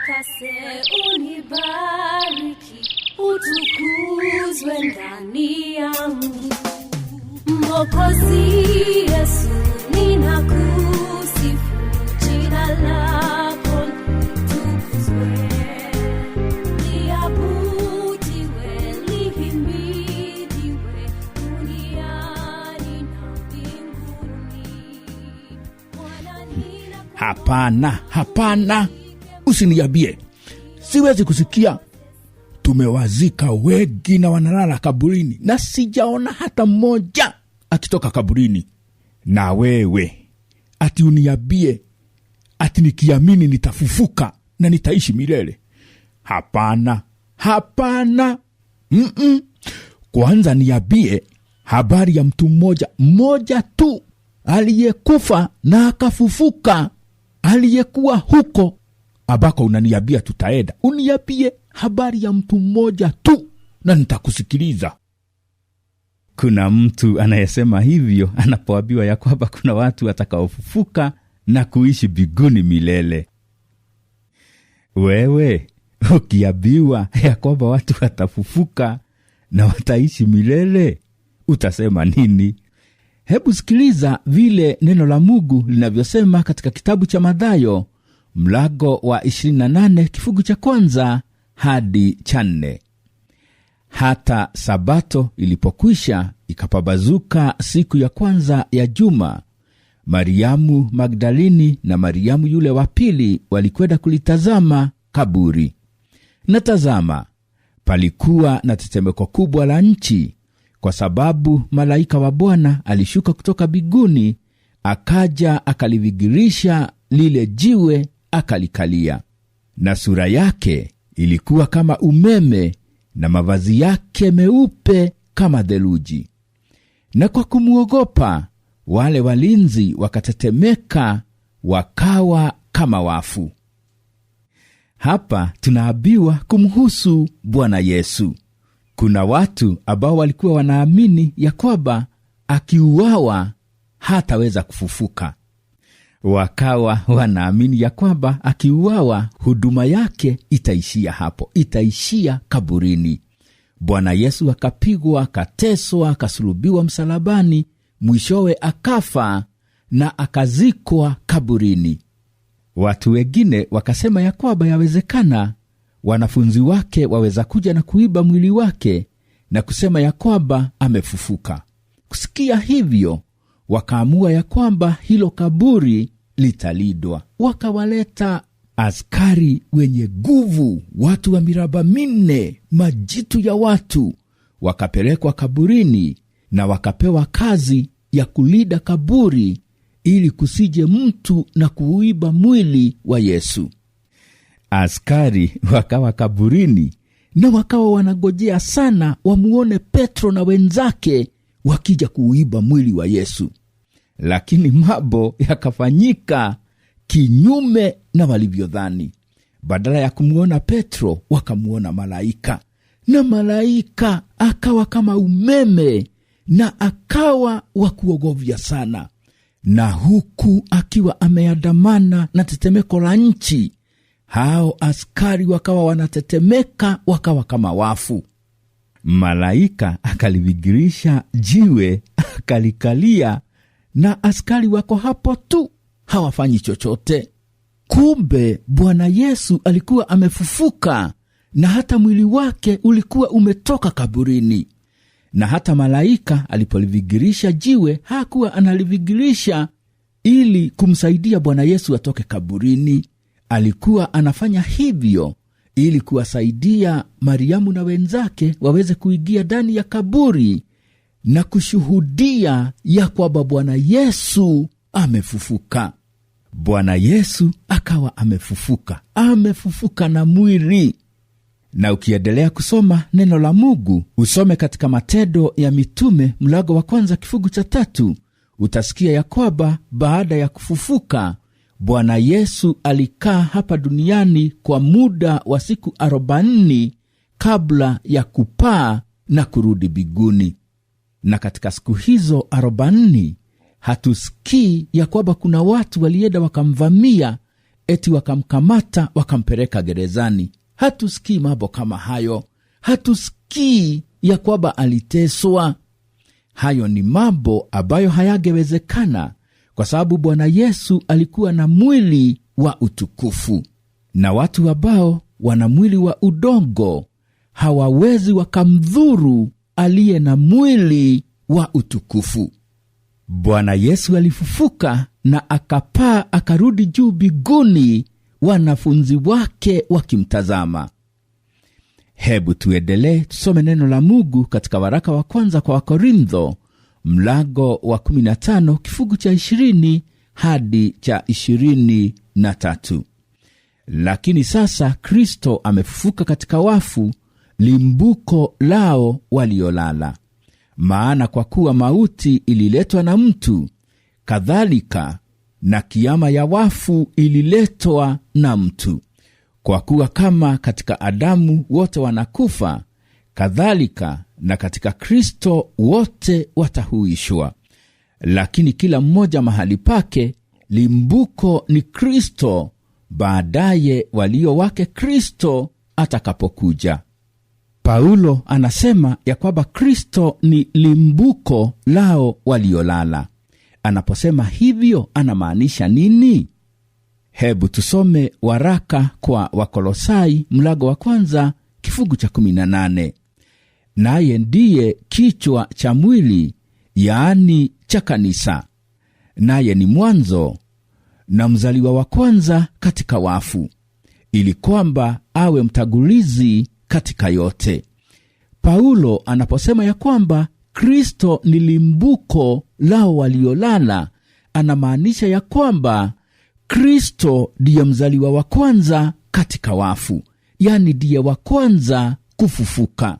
utakase, unibariki, utukuzwe ndani yangu. Mwokozi Yesu, ninakusifu, jina lako Hapana, hapana usiniambie, siwezi kusikia tumewazika wengi na wanalala kaburini, na sijaona hata mmoja akitoka kaburini. Na wewe ati uniambie ati nikiamini nitafufuka na nitaishi milele? Hapana, hapana, mm -mm. Kwanza niambie habari ya mtu mmoja mmoja tu aliyekufa na akafufuka, aliyekuwa huko ambako unaniambia tutaenda, uniambie habari ya mtu mmoja tu na nitakusikiliza. Kuna mtu anayesema hivyo anapoambiwa ya kwamba kuna watu watakaofufuka na kuishi biguni milele. Wewe ukiambiwa ya kwamba watu watafufuka na wataishi milele, utasema nini? Hebu sikiliza vile neno la Mungu linavyosema katika kitabu cha madhayo mlago wa 28 kifungu cha kwanza hadi cha nne. Hata sabato ilipokwisha, ikapabazuka siku ya kwanza ya juma, Mariamu Magdalini na Mariamu yule wa pili walikwenda kulitazama kaburi. Na tazama, palikuwa na tetemeko kubwa la nchi, kwa sababu malaika wa Bwana alishuka kutoka biguni akaja akalivigirisha lile jiwe akalikalia, na sura yake ilikuwa kama umeme na mavazi yake meupe kama theluji. Na kwa kumwogopa wale walinzi wakatetemeka, wakawa kama wafu. Hapa tunaambiwa kumhusu Bwana Yesu. Kuna watu ambao walikuwa wanaamini ya kwamba akiuawa hataweza kufufuka, wakawa wanaamini ya kwamba akiuawa huduma yake itaishia hapo, itaishia kaburini. Bwana Yesu akapigwa, akateswa, akasulubiwa msalabani, mwishowe akafa na akazikwa kaburini. Watu wengine wakasema ya kwamba yawezekana wanafunzi wake waweza kuja na kuiba mwili wake na kusema ya kwamba amefufuka. Kusikia hivyo wakaamua ya kwamba hilo kaburi litalidwa Wakawaleta askari wenye nguvu, watu wa miraba minne, majitu ya watu, wakapelekwa kaburini na wakapewa kazi ya kulinda kaburi ili kusije mtu na kuuiba mwili wa Yesu. Askari wakawa kaburini na wakawa wanagojea sana wamuone Petro na wenzake wakija kuuiba mwili wa Yesu lakini mambo yakafanyika kinyume na walivyodhani. Badala ya kumwona Petro wakamwona malaika, na malaika akawa kama umeme na akawa wa kuogovya sana, na huku akiwa ameandamana na tetemeko la nchi, hao askari wakawa wanatetemeka, wakawa kama wafu. Malaika akalivigirisha jiwe akalikalia na askari wako hapo tu, hawafanyi chochote. Kumbe Bwana Yesu alikuwa amefufuka, na hata mwili wake ulikuwa umetoka kaburini. Na hata malaika alipolivigirisha jiwe hakuwa analivigirisha ili kumsaidia Bwana Yesu atoke kaburini. Alikuwa anafanya hivyo ili kuwasaidia Mariamu na wenzake waweze kuingia ndani ya kaburi na kushuhudia ya kwamba Bwana Yesu amefufuka. Bwana Yesu akawa amefufuka, amefufuka na mwili. Na ukiendelea kusoma neno la Mungu, usome katika Matendo ya Mitume mlango wa kwanza kifungu cha tatu, utasikia ya kwamba baada ya kufufuka Bwana Yesu alikaa hapa duniani kwa muda wa siku arobaini kabla ya kupaa na kurudi biguni na katika siku hizo arobaini hatusikii ya kwamba kuna watu walienda wakamvamia, eti wakamkamata, wakampeleka gerezani. Hatusikii mambo kama hayo, hatusikii ya kwamba aliteswa. Hayo ni mambo ambayo hayangewezekana kwa sababu Bwana Yesu alikuwa na mwili wa utukufu, na watu ambao wana mwili wa udongo hawawezi wakamdhuru aliye na mwili wa utukufu. Bwana Yesu alifufuka na akapaa akarudi juu biguni, wanafunzi wake wakimtazama. Hebu tuendelee tusome neno la Mungu katika waraka wa kwanza kwa Wakorintho mlango wa 15 kifungu cha 20 hadi cha 23. Lakini sasa Kristo amefufuka katika wafu, limbuko lao waliolala. Maana kwa kuwa mauti ililetwa na mtu, kadhalika na kiama ya wafu ililetwa na mtu. Kwa kuwa kama katika Adamu wote wanakufa, kadhalika na katika Kristo wote watahuishwa. Lakini kila mmoja mahali pake, limbuko ni Kristo, baadaye walio wake Kristo atakapokuja. Paulo anasema ya kwamba Kristo ni limbuko lao waliolala. Anaposema hivyo anamaanisha nini? Hebu tusome waraka kwa Wakolosai mlago wa kwanza kifungu cha 18. Naye ndiye kichwa cha mwili, yaani cha kanisa, naye ni mwanzo na mzaliwa wa kwanza katika wafu, ili kwamba awe mtagulizi katika yote. Paulo anaposema ya kwamba Kristo ni limbuko lao waliolala, anamaanisha ya kwamba Kristo ndiye mzaliwa wa kwanza katika wafu, yani ndiye wa kwanza kufufuka.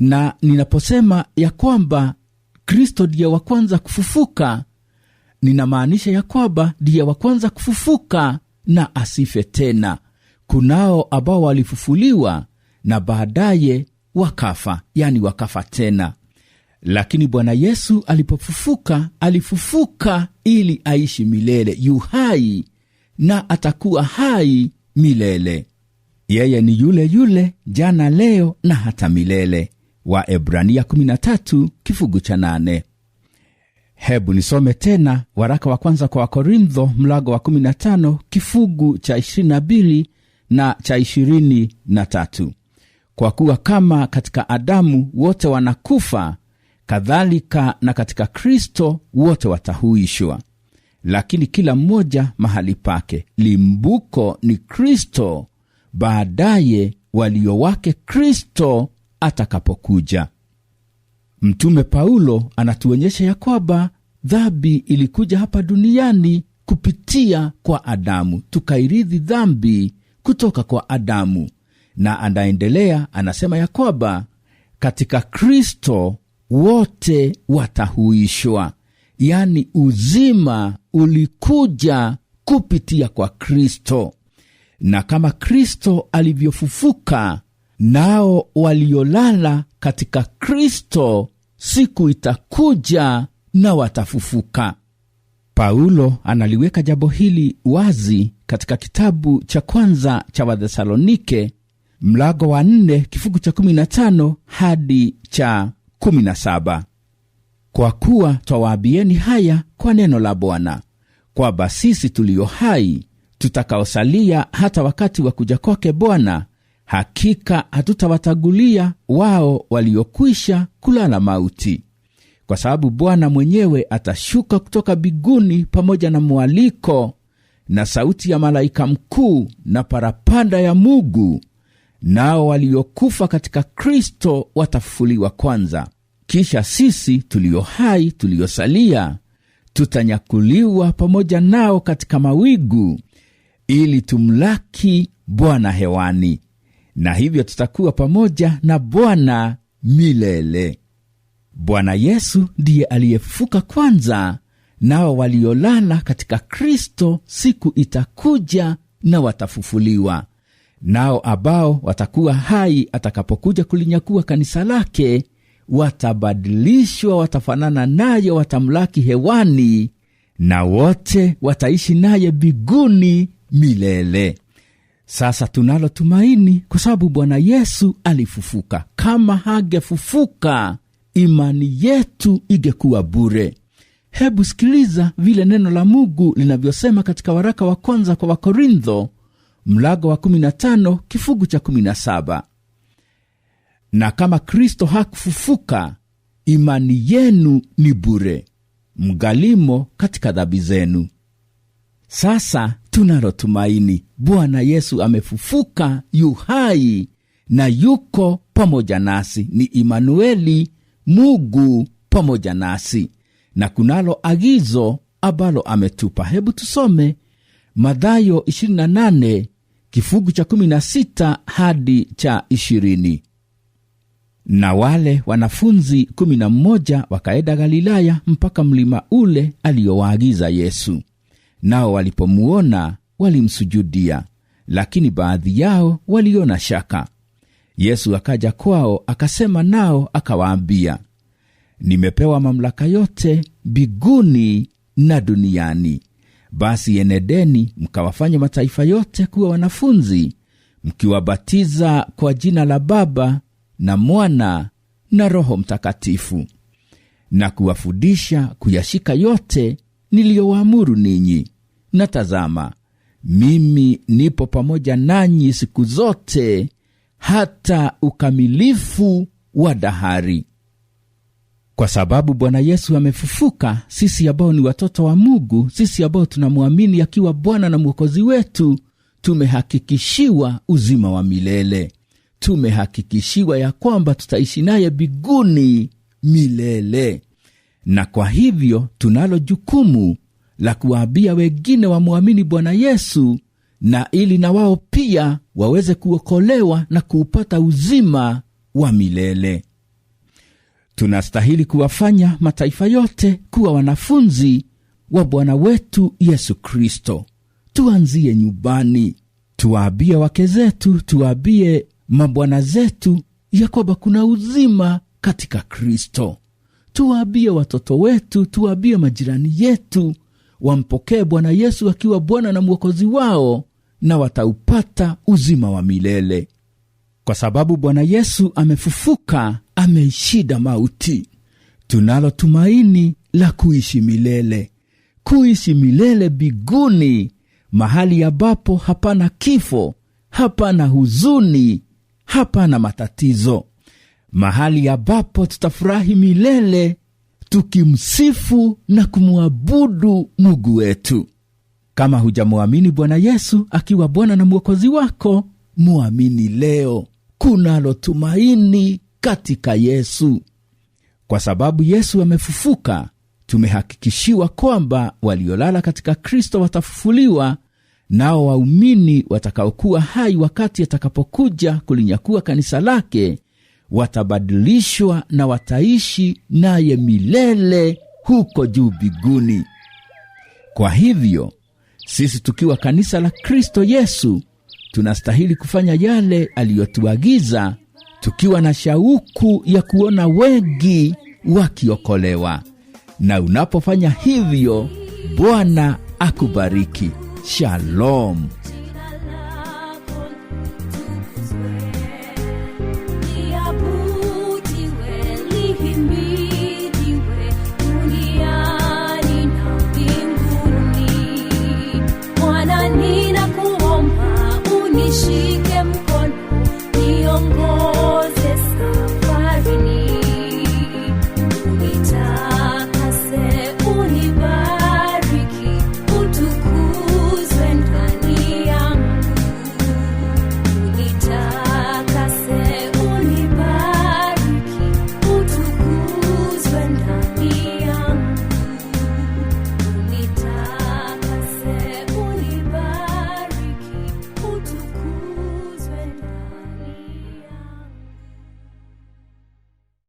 Na ninaposema ya kwamba Kristo ndiye wa kwanza kufufuka, ninamaanisha ya kwamba ndiye wa kwanza kufufuka na asife tena. Kunao ambao walifufuliwa na baadaye wakafa, yani wakafa tena. Lakini Bwana Yesu alipofufuka, alifufuka ili aishi milele, yu hai na atakuwa hai milele. Yeye ni yule yule jana, leo na hata milele. 13 kifungu cha Hebu nisome tena waraka wa kwanza kwa Wakorintho mlango wa 15 kifungu cha 22 na cha 23. Kwa kuwa kama katika Adamu wote wanakufa, kadhalika na katika Kristo wote watahuishwa. Lakini kila mmoja mahali pake. Limbuko ni Kristo, baadaye walio wake Kristo atakapokuja. Mtume Paulo anatuonyesha ya kwamba dhambi ilikuja hapa duniani kupitia kwa Adamu, tukairithi dhambi kutoka kwa Adamu na anaendelea anasema ya kwamba katika Kristo wote watahuishwa, yaani uzima ulikuja kupitia kwa Kristo, na kama Kristo alivyofufuka, nao waliolala katika Kristo siku itakuja na watafufuka. Paulo analiweka jambo hili wazi katika kitabu cha kwanza cha Wathesalonike mlango wa nne kifungu cha kumi na tano hadi cha kumi na saba kwa kuwa twawaabieni haya kwa neno la Bwana kwamba sisi tuliyo hai tutakaosalia hata wakati wa kuja kwake Bwana hakika hatutawatagulia wao waliokwisha kulala mauti, kwa sababu Bwana mwenyewe atashuka kutoka biguni pamoja na mwaliko na sauti ya malaika mkuu na parapanda ya mugu nao waliokufa katika Kristo watafufuliwa kwanza. Kisha sisi tulio hai tuliosalia tutanyakuliwa pamoja nao katika mawigu, ili tumlaki Bwana hewani, na hivyo tutakuwa pamoja na Bwana milele. Bwana Yesu ndiye aliyefuka kwanza, nao waliolala katika Kristo siku itakuja na watafufuliwa nao ambao watakuwa hai atakapokuja kulinyakua kanisa lake watabadilishwa, watafanana naye, watamlaki hewani, na wote wataishi naye biguni milele. Sasa tunalo tumaini kwa sababu Bwana Yesu alifufuka. Kama hangefufuka, imani yetu ingekuwa bure. Hebu sikiliza vile neno la Mungu linavyosema katika waraka wa kwanza kwa Wakorintho wa 15 kifungu cha 17. Na kama Kristo hakufufuka, imani yenu ni bure, mgalimo katika dhambi zenu. Sasa tunalo tumaini, Bwana Yesu amefufuka, yu hai na yuko pamoja nasi. Ni Imanueli, Mungu pamoja nasi, na kunalo agizo ambalo ametupa. Hebu tusome Mathayo kifungu cha kumi na sita hadi cha ishirini. Na wale wanafunzi kumi na mmoja wakaenda Galilaya mpaka mlima ule aliyowaagiza Yesu. Nao walipomuona walimsujudia, lakini baadhi yao waliona shaka. Yesu akaja kwao akasema nao akawaambia, nimepewa mamlaka yote mbinguni na duniani. Basi enedeni mkawafanya mataifa yote kuwa wanafunzi, mkiwabatiza kwa jina la Baba na Mwana na Roho Mtakatifu, na kuwafundisha kuyashika yote niliyowaamuru ninyi. Na tazama, mimi nipo pamoja nanyi siku zote hata ukamilifu wa dahari kwa sababu Bwana Yesu amefufuka. Sisi ambao ni watoto wa Mungu, sisi ambao tunamwamini akiwa Bwana na Mwokozi wetu, tumehakikishiwa uzima wa milele, tumehakikishiwa ya kwamba tutaishi naye biguni milele, na kwa hivyo tunalo jukumu la kuwaambia wengine wamwamini Bwana Yesu na ili na wao pia waweze kuokolewa na kuupata uzima wa milele tunastahili kuwafanya mataifa yote kuwa wanafunzi wa Bwana wetu Yesu Kristo. Tuanzie nyumbani, tuwaabie wake zetu, tuwaabie mabwana zetu ya kwamba kuna uzima katika Kristo. tuwaabie watoto wetu, tuwaabie majirani yetu wampokee Bwana Yesu akiwa Bwana na Mwokozi wao, na wataupata uzima wa milele, kwa sababu Bwana Yesu amefufuka ameshida mauti. Tunalo tumaini la kuishi milele, kuishi milele biguni, mahali ambapo hapana kifo, hapana huzuni, hapana matatizo, mahali ambapo tutafurahi milele tukimsifu na kumwabudu Mungu wetu. Kama hujamwamini Bwana Yesu akiwa Bwana na Mwokozi wako, mwamini leo. Kunalo tumaini katika Yesu. Kwa sababu Yesu amefufuka, tumehakikishiwa kwamba waliolala katika Kristo watafufuliwa, nao waumini watakaokuwa hai wakati atakapokuja kulinyakua kanisa lake watabadilishwa na wataishi naye milele huko juu biguni Kwa hivyo sisi tukiwa kanisa la Kristo Yesu tunastahili kufanya yale aliyotuagiza tukiwa na shauku ya kuona wengi wakiokolewa. Na unapofanya hivyo, Bwana akubariki. Shalom.